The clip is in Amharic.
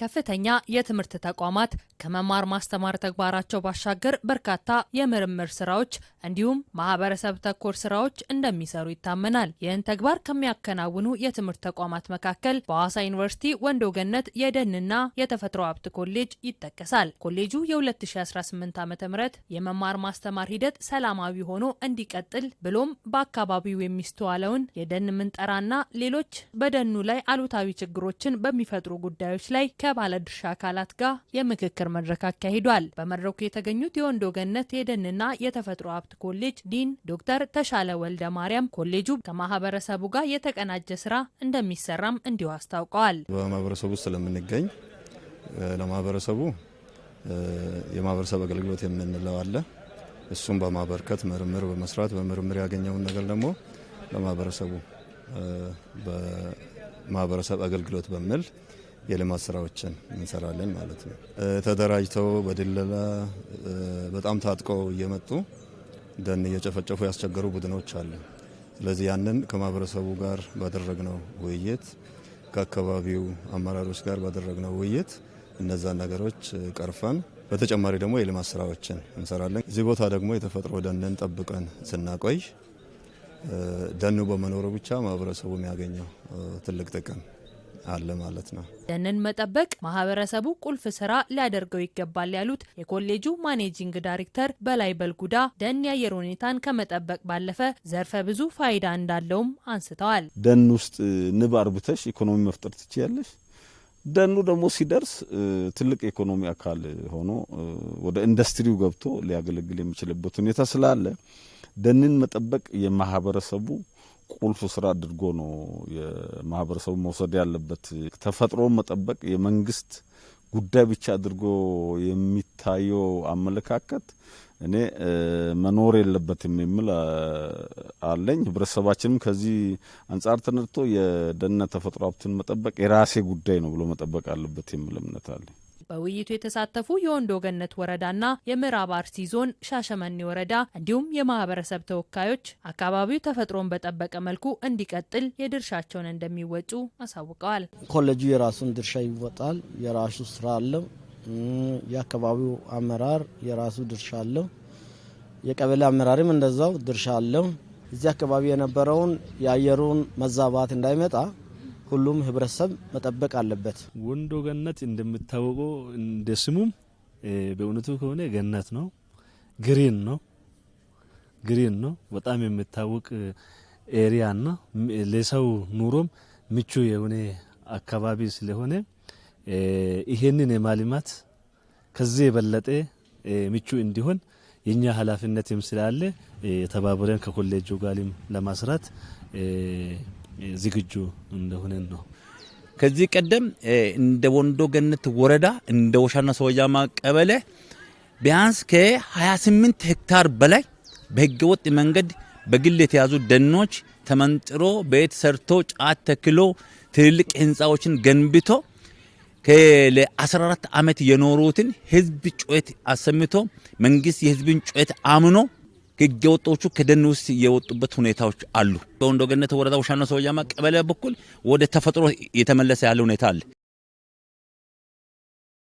ከፍተኛ የትምህርት ተቋማት ከመማር ማስተማር ተግባራቸው ባሻገር በርካታ የምርምር ስራዎች እንዲሁም ማህበረሰብ ተኮር ስራዎች እንደሚሰሩ ይታመናል። ይህን ተግባር ከሚያከናውኑ የትምህርት ተቋማት መካከል በሐዋሳ ዩኒቨርሲቲ ወንዶ ገነት የደንና የተፈጥሮ ሀብት ኮሌጅ ይጠቀሳል። ኮሌጁ የ2018 ዓ ም የመማር ማስተማር ሂደት ሰላማዊ ሆኖ እንዲቀጥል ብሎም በአካባቢው የሚስተዋለውን የደን ምንጠራና ሌሎች በደኑ ላይ አሉታዊ ችግሮችን በሚፈጥሩ ጉዳዮች ላይ ከባለድርሻ አካላት ጋር የምክክር መድረክ አካሂዷል። በመድረኩ የተገኙት የወንዶ ገነት የደንና የተፈጥሮ ሀብት ኮሌጅ ዲን ዶክተር ተሻለ ወልደ ማርያም ኮሌጁ ከማህበረሰቡ ጋር የተቀናጀ ስራ እንደሚሰራም እንዲሁ አስታውቀዋል። በማህበረሰቡ ውስጥ ስለምንገኝ ለማህበረሰቡ የማህበረሰብ አገልግሎት የምንለው አለ። እሱም በማበርከት ምርምር በመስራት በምርምር ያገኘውን ነገር ደግሞ ለማህበረሰቡ በማህበረሰብ አገልግሎት በሚል የልማት ስራዎችን እንሰራለን ማለት ነው። ተደራጅተው በድለላ በጣም ታጥቀው እየመጡ ደን እየጨፈጨፉ ያስቸገሩ ቡድኖች አሉ። ስለዚህ ያንን ከማህበረሰቡ ጋር ባደረግነው ውይይት ከአካባቢው አመራሮች ጋር ባደረግነው ውይይት እነዛን ነገሮች ቀርፈን በተጨማሪ ደግሞ የልማት ስራዎችን እንሰራለን። እዚህ ቦታ ደግሞ የተፈጥሮ ደንን ጠብቀን ስናቆይ ደኑ በመኖሩ ብቻ ማህበረሰቡ የሚያገኘው ትልቅ ጥቅም አለ ማለት ነው። ደንን መጠበቅ ማህበረሰቡ ቁልፍ ስራ ሊያደርገው ይገባል ያሉት የኮሌጁ ማኔጂንግ ዳይሬክተር በላይ በልጉዳ ደን የአየር ሁኔታን ከመጠበቅ ባለፈ ዘርፈ ብዙ ፋይዳ እንዳለውም አንስተዋል። ደን ውስጥ ንብ አርብተሽ ኢኮኖሚ መፍጠር ትችያለሽ። ደኑ ደግሞ ሲደርስ ትልቅ የኢኮኖሚ አካል ሆኖ ወደ ኢንዱስትሪው ገብቶ ሊያገለግል የሚችልበት ሁኔታ ስላለ ደንን መጠበቅ የማህበረሰቡ ቁልፍ ስራ አድርጎ ነው የማህበረሰቡ መውሰድ ያለበት። ተፈጥሮን መጠበቅ የመንግስት ጉዳይ ብቻ አድርጎ የሚታየው አመለካከት እኔ መኖር የለበትም የሚል አለኝ። ህብረተሰባችንም ከዚህ አንጻር ተነድቶ የደህንነት ተፈጥሮ ሀብትን መጠበቅ የራሴ ጉዳይ ነው ብሎ መጠበቅ አለበት የሚል እምነት አለኝ። በውይይቱ የተሳተፉ የወንዶ ገነት ወረዳና የምዕራብ አርሲ ዞን ሻሸመኔ ወረዳ እንዲሁም የማህበረሰብ ተወካዮች አካባቢው ተፈጥሮን በጠበቀ መልኩ እንዲቀጥል የድርሻቸውን እንደሚወጡ አሳውቀዋል። ኮሌጁ የራሱን ድርሻ ይወጣል። የራሱ ስራ አለው። የአካባቢው አመራር የራሱ ድርሻ አለው። የቀበሌ አመራርም እንደዛው ድርሻ አለው። እዚህ አካባቢ የነበረውን የአየሩን መዛባት እንዳይመጣ ሁሉም ህብረተሰብ መጠበቅ አለበት። ወንዶ ገነት እንደሚታወቀው እንደ ስሙም በእውነቱ ከሆነ ገነት ነው፣ ግሪን ነው፣ ግሪን ነው። በጣም የሚታወቅ ኤሪያና ለሰው ኑሮም ምቹ የሆነ አካባቢ ስለሆነ ይሄንን የማልማት ከዚህ የበለጠ ምቹ እንዲሆን የኛ ኃላፊነትም ስላለ ተባብረን ከኮሌጁ ጋርም ለማስራት ዝግጁ እንደሆነን ነው። ከዚህ ቀደም እንደ ወንዶ ገነት ወረዳ እንደ ወሻና ሶጃማ ቀበሌ ቢያንስ ከ28 ሄክታር በላይ በህገወጥ መንገድ በግል የተያዙ ደኖች ተመንጥሮ ቤት ሰርቶ ጫት ተክሎ ትልልቅ ህንፃዎችን ገንብቶ ለ14 ዓመት የኖሩትን ህዝብ ጩኸት አሰምቶ መንግስት የህዝብን ጩኸት አምኖ ህገ ወጦቹ ከደን ውስጥ የወጡበት ሁኔታዎች አሉ። በወንዶ ገነት ወረዳ ውሻኖ ሰውያማ ቀበሌ በኩል ወደ ተፈጥሮ የተመለሰ ያለ ሁኔታ አለ።